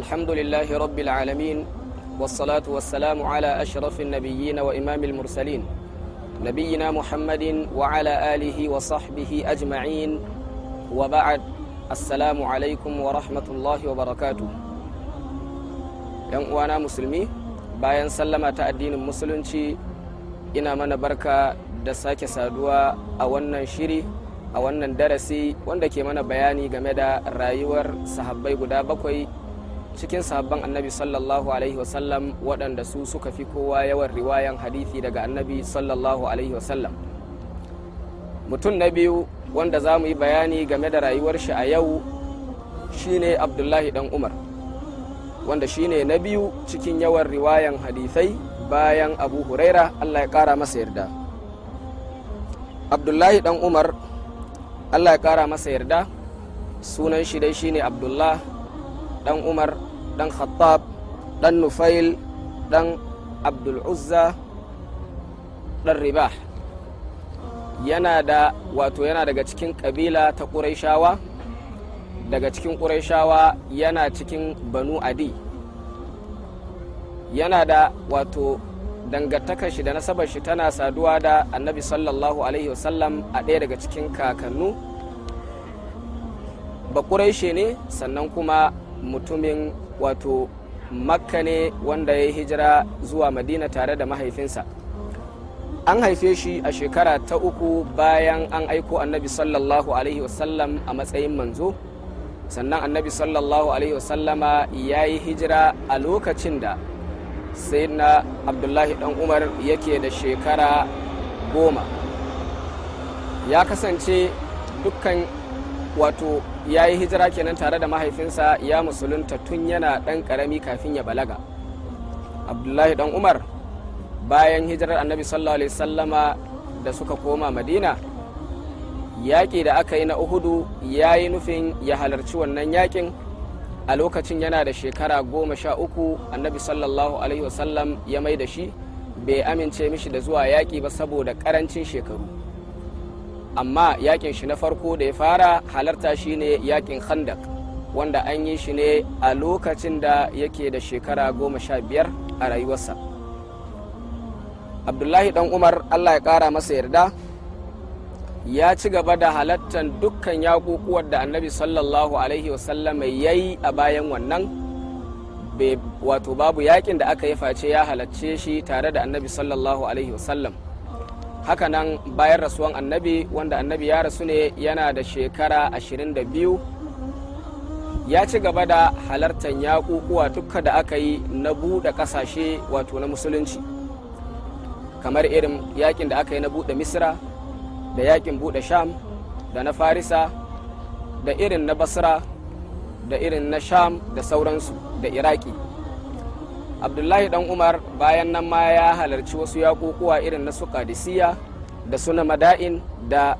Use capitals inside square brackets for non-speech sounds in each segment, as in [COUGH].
الحمد لله رب العالمين والصلاة والسلام على أشرف النبيين وإمام المرسلين نبينا محمد وعلى آله وصحبه أجمعين وبعد السلام عليكم ورحمة الله وبركاته uwana musulmi bayan sallama ta addinin musulunci ina mana barka da sake saduwa a wannan shiri a wannan darasi wanda ke mana bayani game da rayuwar sahabbai guda bakwai cikin sahabban annabi sallallahu alaihi wasallam waɗanda su suka fi kowa yawan riwayan hadithi daga annabi sallallahu alaihi wasallam mutum na biyu wanda za mu yi bayani game da rayuwar shi a yau shine abdullahi dan umar wanda shine na biyu cikin yawan riwayan hadithai bayan abu huraira allah ya kara masa yarda abdullahi dan umar allah ya kara masa yarda sunan shi dai shine abdullah ɗan umar ɗan khattab ɗan nufail dan abdul uzza dan ribah yana da wato yana daga cikin kabila ta ƙuraishawa daga cikin ƙuraishawa yana cikin banu adi yana da wato dangantakar shi da nasabar shi tana saduwa da annabi sallallahu alaihi wasallam a ɗaya daga cikin kakannu ba ƙuraishe ne sannan kuma mutumin wato makka ne wanda ya yi hijira zuwa madina tare da mahaifinsa an haife shi a shekara ta uku bayan an aiko annabi sallallahu alaihi wasallam a matsayin manzo sannan annabi sallallahu alaihi wasallama ya yi hijira a lokacin da na abdullahi dan umar yake da shekara goma ya kasance dukkan wato ya yi hijira kenan tare da mahaifinsa ya musulunta tun yana ɗan karami kafin ya balaga abdullahi dan umar bayan hijirar annabi sallallahu alaihi sallama da suka koma madina yaƙi da aka yi na uhudu ya yi nufin ya halarci wannan yaƙin a lokacin yana da shekara goma sha uku annabi sallallahu alaihi wasallam ya mai da shi bai amince mishi da zuwa yaƙi ba saboda ƙarancin shekaru amma yakin shi na farko da ya fara halarta shine yakin khandak wanda an yi shi ne a lokacin da yake da shekara goma sha biyar a rayuwarsa abdullahi dan umar allah ya kara masa yarda ya ci gaba da halattan dukkan yakukuwar da annabi sallallahu alaihi wasallam ya yi a bayan wannan wato babu yakin da aka yi face ya halarce shi tare da annabi sallallahu alaihi wasallam hakanan bayan rasuwan annabi wanda annabi ya rasu ne yana da shekara 22 ya ci gaba da halartar yaƙuƙuwa tukka da aka yi na buɗe ƙasashe wato na musulunci kamar irin yakin da aka yi na buɗe misira da yakin buɗe sham da na farisa da irin na basra da irin na sham da sauransu da iraki abdullahi dan umar bayan nan ma ya halarci wasu yakukuwa irin na su kadisiya da suna mada'in da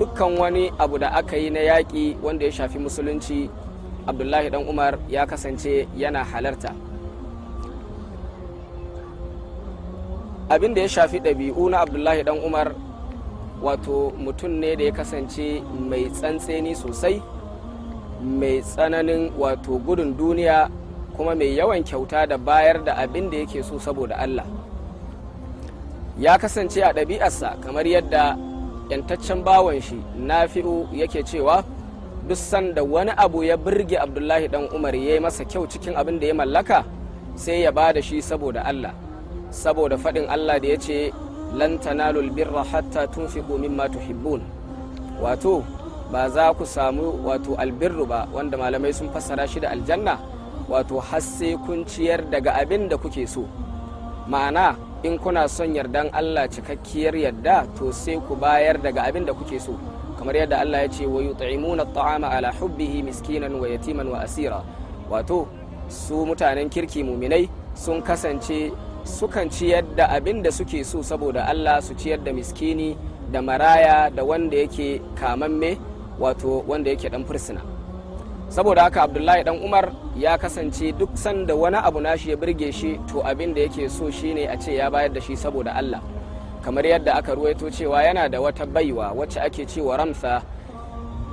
dukkan wani abu da aka yi na yaƙi wanda ya shafi musulunci abdullahi dan umar ya kasance yana halarta abin da ya shafi ɗabi'u na abdullahi dan umar wato mutum ne da ya kasance mai tsantseni sosai mai tsananin wato gudun duniya kuma mai yawan kyauta da bayar da abin da yake so saboda Allah ya kasance a ɗabi'arsa kamar yadda yantaccen bawan shi nafi'u yake cewa duk sanda wani abu ya birge abdullahi dan umar ya yi masa kyau cikin abin da ya mallaka sai ya ba da shi saboda Allah saboda faɗin Allah da ya ce lan birra hatta tunfiqu mimma tuhibbun wato ba za ku samu wato albirru ba wanda malamai sun fassara shi da aljanna wato har sai kun ciyar daga abin da kuke so ma'ana in kuna son yardan Allah cikakkiyar yarda to sai ku bayar daga abin da kuke so kamar yadda Allah ya ce wa yut'imuna at'ama ala hubbihi miskinan wa yatiman wa asira wato su mutanen kirki muminai sun kasance sukan ciyar da abin da suke so saboda Allah su ciyar da miskini da maraya da wanda yake kamamme wato wanda yake dan fursuna saboda haka abdullahi dan umar ya kasance duk sanda wani abu nashi ya birge shi to abin da yake so shi ne a ce ya bayar da shi saboda allah kamar yadda aka ruwaito cewa yana da wata baiwa wacce ake cewa ramsa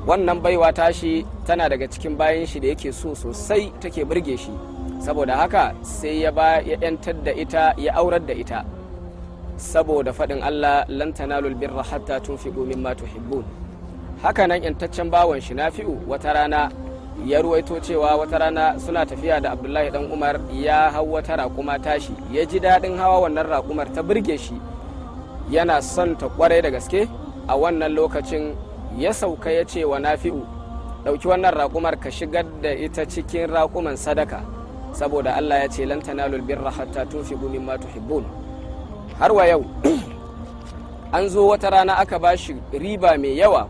wannan baiwa tashi tana daga cikin bayan shi da yake so sosai take birge shi saboda haka sai ya ba ya yantar da ita ya aurar da ita saboda faɗin allah lantana lulbin birra hatta fi mimma tuhibbun haka nan yantaccen bawan shi na fi'u wata rana ya ruwaito cewa wata rana suna tafiya da abdullahi dan umar ya hau wata raƙuma tashi ya ji daɗin hawa wannan raƙumar ta birge shi yana son ta kwarai da gaske a wannan lokacin ya sauka ya ce wa nafi'u ɗauki wannan raƙumar ka shigar da ita cikin raƙuman sadaka saboda allah ya ce lan tanalul tun fi tunfiqu matu tuhibbun har wa yau [CLEARS THROAT] an zo wata rana aka ba shi riba mai yawa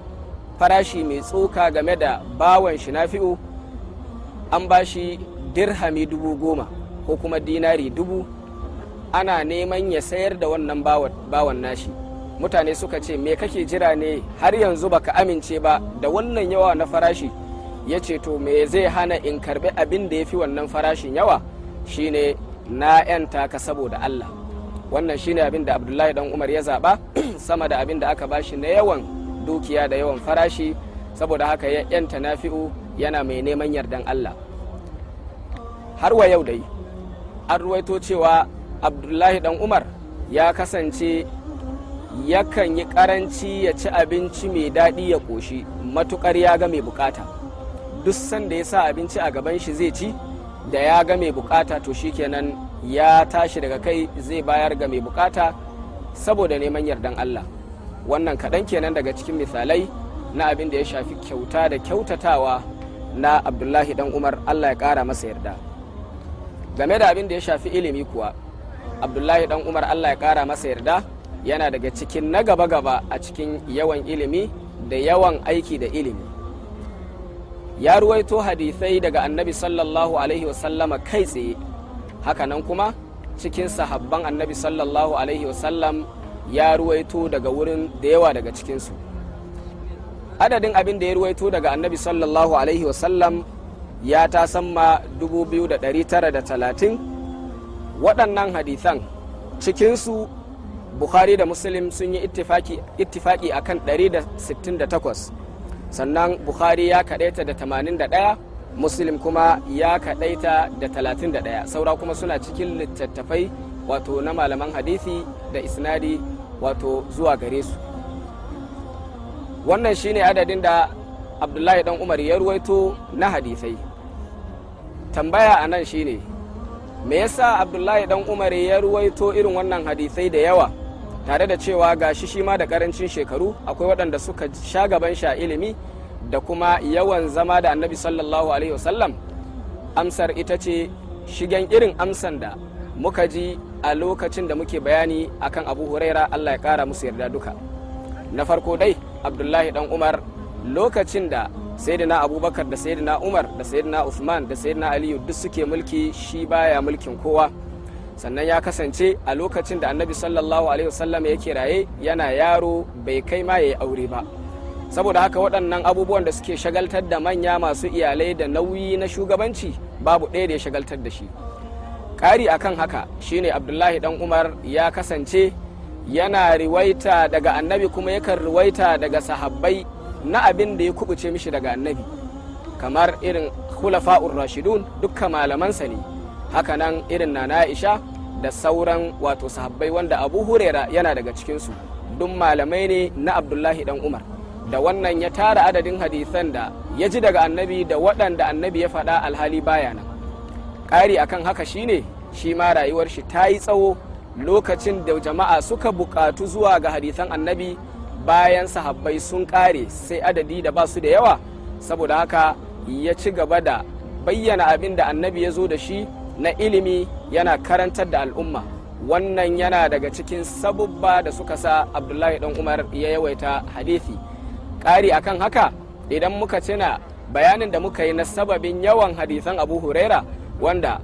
farashi mai tsoka game da bawan shi nafi'u an ba shi dirhami dubu goma ko kuma dinari dubu ana neman ya sayar da wannan bawan nashi mutane suka ce me kake jira ne har yanzu baka amince ba da wannan yawa na farashi ya ce to me zai hana in karbi abin da ya fi wannan farashin yawa shine na 'yanta ka saboda Allah wannan shine abin da abdullahi dan umar ya zaba [CLEARS THROAT] sama da abin da aka bashi na yawan dukiya da yawan farashi saboda haka ya yanta nafi'u yana mai neman yardan Allah har wa yau dai an ruwaito cewa abdullahi dan umar ya kasance yakan yi karanci ya ci abinci mai daɗi ya ƙoshi matuƙar ya ga mai bukata duk sanda ya sa abinci a gaban shi zai ci da ya ga mai bukata to shikenan ya tashi daga kai zai bayar ga mai bukata saboda neman yardan Allah wannan kaɗan kenan daga cikin misalai na abin da ya shafi kyauta da kyautatawa na abdullahi dan umar allah ya ƙara masa yarda game da abin da ya shafi ilimi kuwa abdullahi dan umar allah ya ƙara masa yarda yana daga cikin na gaba-gaba a cikin yawan ilimi da yawan aiki da ilimi ya ruwaito hadisai daga annabi sallallahu alaihi wasallama kai tsaye hakanan kuma cikin sahabban annabi sallallahu alaihi wasallam ya ruwaito daga wurin da yawa daga cikinsu adadin abin da ya ruwaito daga annabi sallallahu alaihi wasallam ya ta samma 2,930 waɗannan hadithan cikinsu bukhari da muslim sun yi ittifaki a kan 168 sannan bukhari ya kaɗaita da 81 muslim kuma ya kaɗaita da 31 saura kuma suna cikin littattafai wato na malaman hadithi da isnadi wato zuwa gare su wannan shine adadin da abdullahi dan umar ya ruwaito na hadisai tambaya a nan shine me yasa abdullahi dan umar ya ruwaito irin wannan hadisai da yawa tare da cewa ga shi shi ma da karancin shekaru akwai waɗanda suka sha gaban sha ilimi da kuma yawan zama da annabi sallallahu alaihi wasallam amsar ita ce shigen irin amsan da muka ji a lokacin da muke bayani akan abu huraira allah ya kara musu yarda duka na farko dai abdullahi dan umar lokacin da sayyidina abubakar da sayyidina umar da sayyidina usman da sayyidina aliyu duk suke mulki shi baya mulkin kowa sannan ya kasance a lokacin da annabi sallallahu alaihi wasallam yake raye yana yaro bai kai ma yayi aure ba saboda haka waɗannan abubuwan da suke shagaltar da manya masu iyalai da nauyi na shugabanci babu ɗaya da ya shagaltar da shi ƙari akan haka shine abdullahi dan umar ya kasance yana riwaita daga annabi kuma yakan riwaita daga sahabbai na abin da ya kubuce mishi daga annabi kamar irin khulafa'ur rashidun dukkan malamansa ne hakanan irin na aisha da sauran wato sahabbai wanda abu hurera yana daga cikinsu duk malamai ne na abdullahi dan umar da wannan ya tara adadin hadisan da ya ji daga annabi da waɗanda annabi ya faɗa alhali baya nan ƙari akan haka shine shi ma rayuwar shi ta yi tsawo lokacin da jama'a suka buƙatu zuwa ga hadithan annabi bayan sahabbai sun ƙare sai adadi da ba su da yawa saboda haka ya ci gaba da bayyana abin da annabi ya zo da shi na ilimi yana karantar da al'umma wannan yana daga cikin sabubba da suka sa abdullahi dan umar ya yawaita hadithi ƙari akan haka idan muka tuna bayanin da muka yi na sababin yawan hadithan abu huraira wanda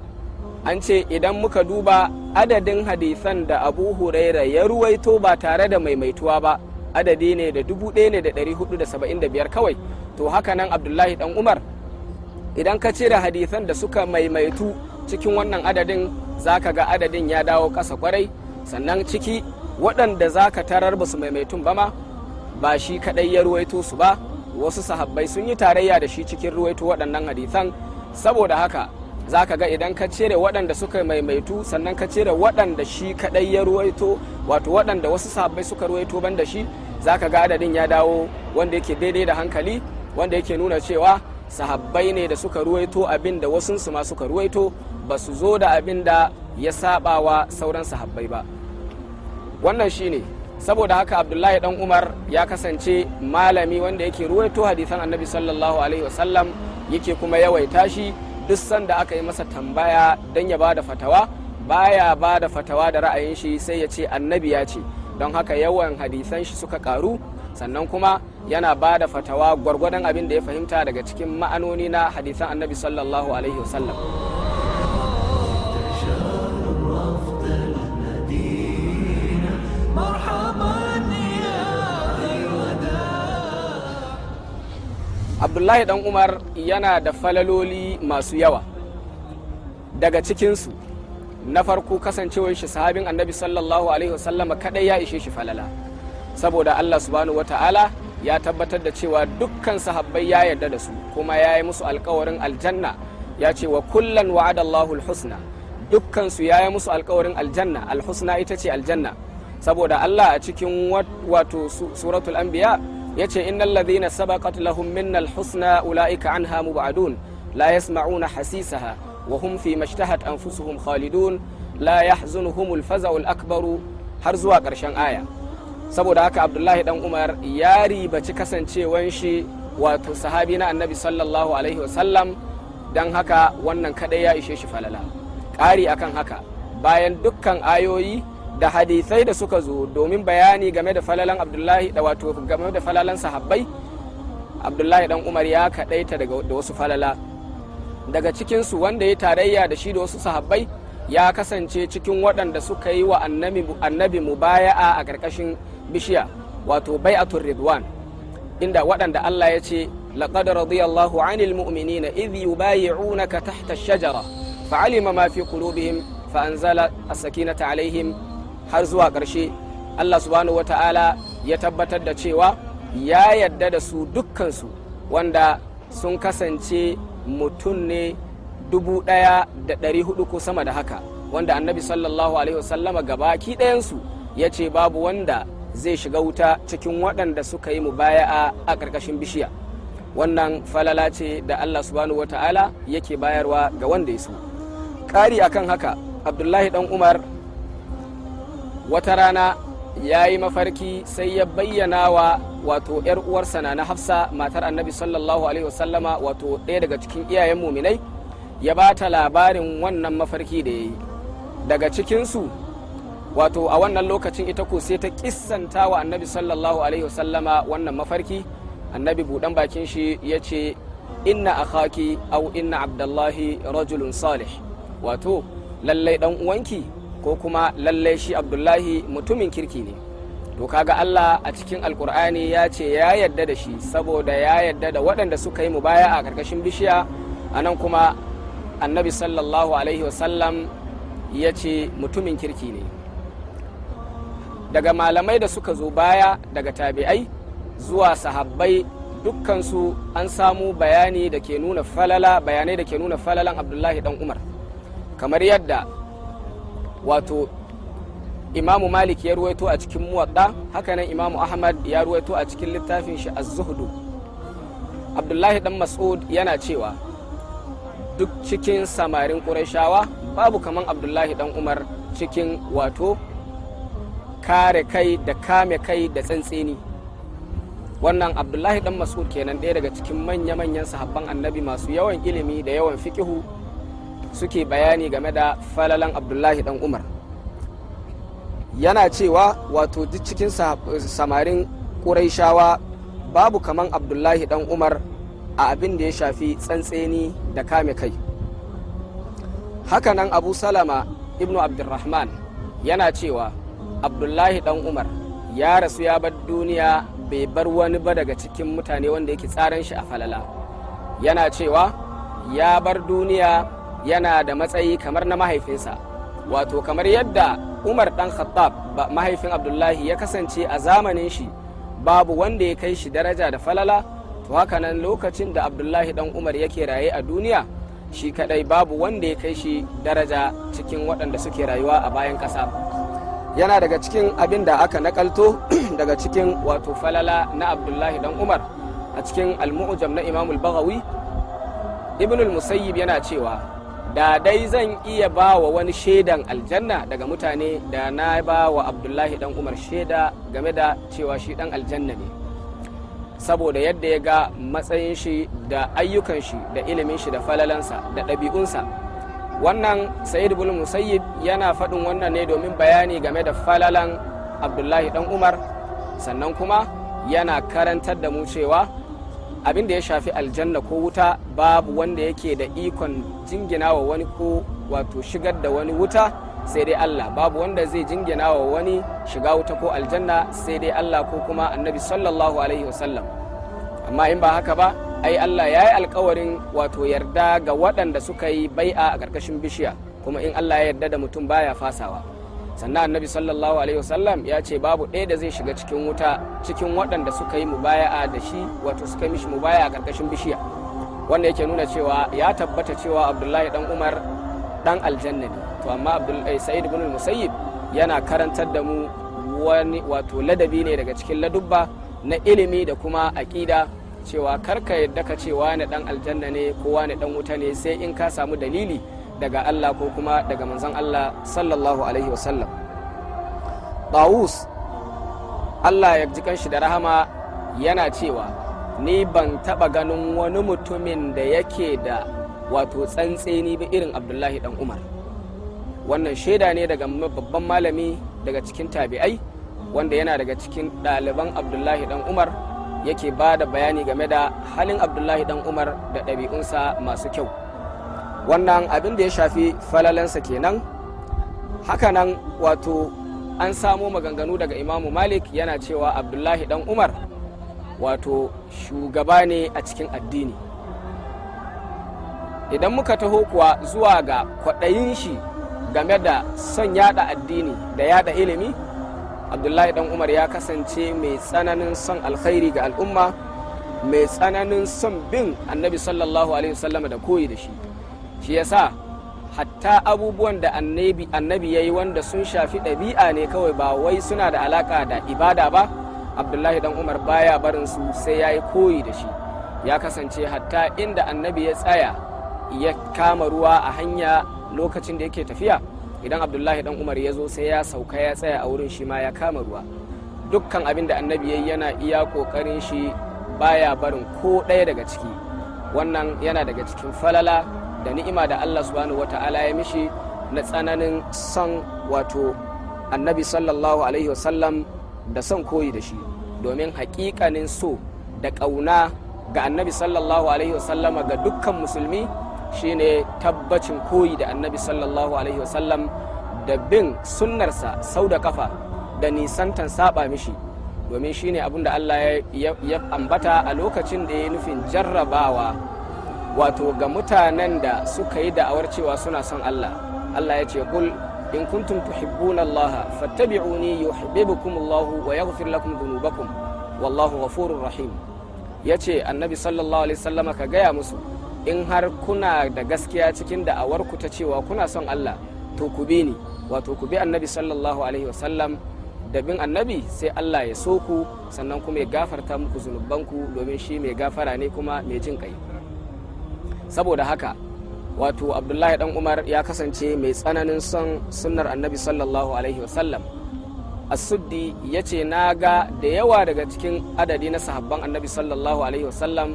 an ce idan muka duba adadin hadisan da abu huraira ya ruwaito ba tare da maimaituwa ba adadi ne da saba'in biyar kawai to haka nan abdullahi dan umar idan ka cire hadisan da suka maimaitu cikin wannan adadin zaka ga adadin ya dawo ƙasa kwarai sannan ciki waɗanda za ka tarar ba su maimaitun ba ma ba shi kaɗai ya ruwaito su ba wasu sahabbai sun yi tarayya da shi cikin ruwaito waɗannan hadisan saboda haka za ka ga idan ka cire waɗanda suka maimaitu sannan ka cire waɗanda shi kaɗai ya ruwaito wato waɗanda wasu sahabbai suka ruwaito ban da shi za ka ga adadin ya dawo wanda yake daidai da hankali wanda yake nuna cewa sahabbai ne da suka ruwaito abin da su ma suka ruwaito ba su zo da abin da ya saba wa sauran sahabbai ba wannan shine saboda haka abdullahi dan umar ya kasance malami wanda yake ruwaito hadisan annabi sallallahu alaihi wasallam yake kuma yawaita shi duk sanda aka yi masa tambaya don ya bada fatawa baya ba da fatawa da ra'ayin shi sai ya ce annabi ya ce don haka yawan hadisan shi suka karu sannan kuma yana ba da fatawa gwargwadon abin da ya fahimta daga cikin ma'anoni na hadisan annabi sallallahu alaihi wasallam abdullahi dan umar yana da falaloli masu yawa daga cikinsu na farko kasancewar shi sahabin annabi sallallahu alaihi wasallama kadai ya ishe shi falala saboda allah subhanahu ta'ala ya tabbatar da cewa dukkan sahabbai ya yarda da su kuma ya yi musu alkawarin aljanna ya ce wa kullan wa'adallahu alhusna dukkansu ya yi musu alkawarin aljanna alhusna ita ce aljanna saboda allah a cikin wato suratul anbiya ya yace innal ladhina sabaqat lahum minnal husna ulaika anha mubadun la yasma'una hasisaha wa hum fi mashtahat anfusuhum khalidun la yahzunuhum al-faza'u akbaru har zuwa karshen aya saboda haka abdullahi dan umar ya ribaci kasancewan shi wato sahabi na annabi sallallahu alaihi wasallam dan haka wannan kadai ya ishe shi falala ƙari akan haka bayan dukkan ayoyi da hadisai da suka zo domin bayani game da falalan abdullahi da wato game da falalan sahabbai abdullahi dan umar ya kaɗaita da wasu falala daga cikinsu wanda ya tarayya da shi da wasu sahabbai ya kasance cikin waɗanda suka yi wa annabi mubaya'a a ƙarƙashin bishiya wato bai bai'atul ridwan inda waɗanda Allah ya ce laqad radiyallahu 'anil mu'minina idh yubayi'unaka tahta ash-shajara fa'alima ma fi qulubihim fa anzala as-sakinata alaihim har zuwa ƙarshe allah subhanahu wata'ala ya tabbatar da cewa ya yarda da su dukkansu wanda sun kasance mutum ne dubu ɗaya da ɗari hudu ko sama da haka wanda annabi sallallahu alaihi wasallama gabaki ɗayansu ya ce babu wanda zai shiga wuta cikin waɗanda suka yi mu baya a ƙarƙashin bishiya wannan falala ce da allah subhanahu wata'ala yake bayarwa ga wanda ya so ƙari akan haka abdullahi dan umar wata rana ya yi mafarki sai ya bayyana wa wato yar uwarsa na hafsa matar annabi sallallahu alaihi wasallama wato ɗaya daga cikin iyayen muminai ya ba ta labarin wannan mafarki da ya yi daga cikinsu wato a wannan lokacin ita ko sai ta kissanta wa annabi sallallahu alaihi wasallama wannan mafarki annabi buɗan bakin shi ya ce inna akhaki au inna abdullahi rajulun salih wato lallai dan uwanki ko kuma lallai shi abdullahi mutumin kirki ne to kaga Allah a cikin alkur'ani ya ce ya yadda da shi saboda ya yadda da waɗanda suka yi mu baya a karkashin bishiya a nan kuma annabi sallallahu alaihi wasallam ya ce mutumin kirki ne daga malamai da suka zo baya daga tabi'ai zuwa sahabbai dukkansu an samu bayani da ke nuna falala bayanai da ke nuna falalan abdullahi dan umar kamar yadda wato imamu malik ya ruwaito a cikin muwadda hakanan imamu ahmad ya ruwaito a cikin littafin shi az-zuhdu abdullahi dan mas'ud yana cewa duk cikin samarin ƙurashawa babu kaman abdullahi dan umar cikin wato kare kai da kame kai da tsantseni wannan abdullahi dan mas'ud kenan ɗaya daga cikin manya-manyan sahabban annabi masu yawan ilimi da yawan fikihu suke bayani game da falalan abdullahi dan umar yana cewa wato duk cikin samarin ƙuraishawa babu kaman abdullahi dan umar a abin da ya shafi tsantseni da kame kai hakanan abu salama ibnu abdulrahman yana cewa abdullahi dan umar ya rasu ya bar duniya bai bar wani ba daga cikin mutane wanda yake tsaran shi a falala yana cewa ya bar duniya yana da matsayi kamar na mahaifinsa wato kamar yadda umar dan khattab mahaifin abdullahi ya kasance a zamanin shi babu wanda ya kai shi daraja da falala to haka nan lokacin da abdullahi dan umar yake raye a duniya shi kadai babu wanda ya kai shi daraja cikin waɗanda suke rayuwa a bayan ƙasa yana daga cikin abin da aka nakalto [CLEARS THROAT] daga cikin wato falala na abdullahi dan umar a cikin almu'jam na imamul bagawi ibnul musayyib yana cewa da dai zan iya ba wa wani shaidan aljanna daga mutane da na ba wa abdullahi dan umar shaida game da cewa shi dan aljanna ne saboda yadda ya ga matsayin shi da ayyukan shi da ilimin shi da falalansa da ɗabi'unsa wannan sayid bul musayyib yana faɗin wannan ne domin bayani game da falalan abdullahi dan umar sannan kuma yana karantar da mu cewa abin da ya shafi aljanna ko wuta babu wanda yake da ikon jingina wa wani ko wato shigar da wani wuta sai dai Allah babu wanda zai jingina wa wani shiga wuta ko aljanna sai dai Allah ko kuma annabi sallallahu alaihi wasallam amma in ba haka ba ai Allah ya yi alkawarin wato yarda ga waɗanda suka yi bai'a a ƙarƙashin bishiya kuma in Allah ya yarda da mutum baya fasawa sannan annabi sallallahu alaihi wasallam ya ce babu ɗaya da zai shiga cikin wuta cikin waɗanda suka yi mubaya'a da shi wato suka yi mishi mubaya'a ƙarƙashin bishiya wanda yake nuna cewa ya tabbata cewa abdullahi dan umar dan aljanna ne to amma eh, sa'id ibn musayyib yana karantar da mu wani wato ladabi ne daga cikin ladubba na ilimi da kuma aƙida cewa karka yadda ka ce wani dan aljanna ne ko wani dan wuta ne sai in ka samu dalili daga Allah ko kuma daga manzon Allah sallallahu alaihi wasallam Tawus Allah ya ji kanshi da rahama yana cewa ni ban taɓa ganin wani mutumin da yake da wato tsantseni ba irin Abdullahi dan Umar wannan shaida ne daga babban malami daga cikin tabi'ai wanda yana daga cikin ɗaliban Abdullahi dan Umar yake ba da bayani game da halin Abdullahi dan Umar da ɗabi'unsa masu kyau. wannan abin da ya shafi falalansa kenan hakanan wato an samo maganganu daga imamu malik yana cewa abdullahi dan umar wato shugaba ne a cikin addini idan muka taho kuwa zuwa ga kwaɗayin shi game da son yada addini da yada ilimi abdullahi dan umar ya kasance mai tsananin son alkhairi ga al'umma mai tsananin son bin annabi sallallahu alaihi wasallama da koyi da shi shi yasa hatta abubuwan da annabi annabi yayi wanda sun shafi ɗabi'a ne kawai ba wai suna da alaka da ibada ba abdullahi dan umar baya barin su sai yayi koyi da shi ya kasance hatta inda annabi ya tsaya ya kama ruwa a hanya lokacin da yake tafiya idan abdullahi dan umar ya zo sai ya sauka ya tsaya a wurin shi ma ya kama ruwa dukkan abin da annabi yayi yana iya kokarin shi baya barin ko ɗaya daga ciki wannan yana daga cikin falala da ni'ima da Allah subhanahu wata'ala ya mishi na tsananin son wato annabi sallallahu alaihi wasallam da son koyi da shi domin hakikanin so da ƙauna ga annabi sallallahu alaihi wasallam ga dukkan musulmi shine tabbacin koyi da annabi sallallahu alaihi wasallam da bin sunnarsa sau da kafa da nisantan saba mishi domin shine abin da Allah ya ambata a lokacin da ya nufin jarrabawa wato ga mutanen da suka yi da'awar cewa suna son Allah Allah ya ce kul in kuntum tuhibbuna Allah fattabi'uni yuhibbukum Allah wa yaghfir lakum dhunubakum wallahu ghafurur rahim yace annabi sallallahu alaihi wasallama ka gaya musu in har kuna da gaskiya cikin da'awar ku ta cewa kuna son Allah to ku bi ni wato ku bi annabi sallallahu alaihi wasallam da bin annabi sai Allah ya so ku sannan kuma ya gafarta muku zunubanku domin shi mai gafara ne kuma mai jin kai saboda haka wato abdullahi dan umar ya kasance mai tsananin son sunnar annabi sallallahu alaihi wasallam asuddi ya ce na ga da yawa daga cikin adadi na sahabban annabi sallallahu alaihi wasallam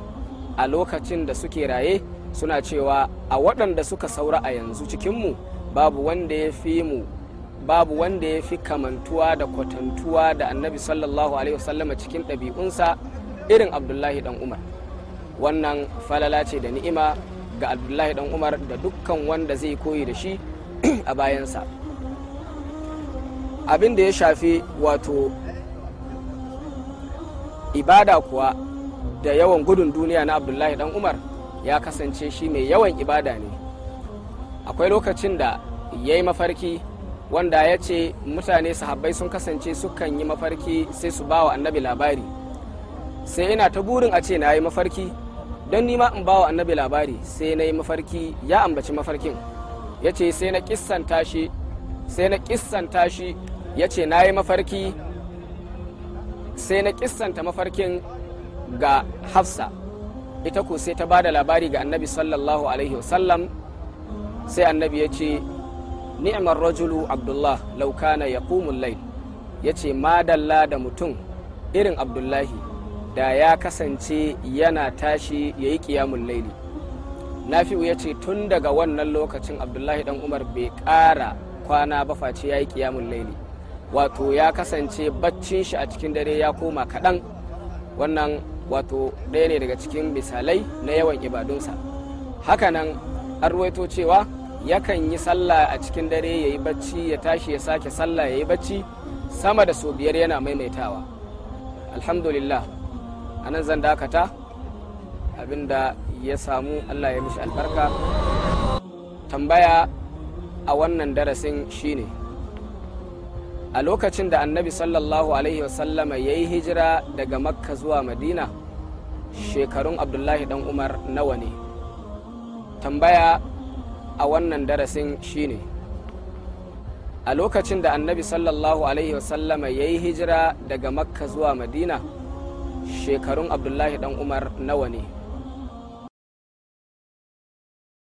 a lokacin da suke raye suna cewa a waɗanda suka saura a yanzu cikinmu babu wanda ya fi mu babu wanda ya fi kamantuwa da kwatantuwa da annabi sallallahu alaihi wasallam cikin ɗabi'unsa irin abdullahi dan umar wannan falala ce da ni'ima ga abdullahi dan umar da dukkan wanda zai koyi da shi [CLEARS THROAT] a bayansa abin da ya shafi wato ibada kuwa da yawan gudun duniya na abdullahi dan umar ya kasance shi mai yawan ibada ne akwai lokacin da ya yi mafarki wanda ya ce mutane sahabbai sun kasance sukan yi mafarki sai su ba wa annabi labari sai ina ta burin a ce na yi mafarki don nima in bawa annabi labari sai na yi mafarki ya ambaci mafarkin ya ce sai na kissanta shi sai na kissanta shi ya ce na yi mafarki sai na kissanta mafarkin ga hafsa ita ko sai ta ba da labari ga annabi sallallahu alaihi wasallam sai annabi ya ce ni'mar rajulu abdullah laukana ya kumun lai ya ce madalla da mutum irin abdullahi da ya kasance yana tashi ya yi ƙiyamun laili nafi'u ya ce tun daga wannan lokacin abdullahi dan umar bai ƙara kwana ba face ya yi ƙiyamun laili wato ya kasance baccin shi a cikin dare ya koma kaɗan wannan wato ɗaya ne daga cikin misalai na yawan ibadunsa hakanan arwaito cewa yakan yi sallah a cikin dare ya yi bacci ya tashi ya sake sallah ya yi bacci sama da sau biyar yana maimaitawa alhamdulillah a nan zan dakata abinda ya samu allah ya mishi albarka tambaya a wannan darasin shine a lokacin da annabi sallallahu alaihi wasallama ya yi hijira daga makka zuwa madina shekarun abdullahi dan umar nawa ne tambaya a wannan darasin shine a lokacin da annabi sallallahu alaihi wasallama ya yi hijira daga makka zuwa madina shekarun abdullahi dan umar nawa ne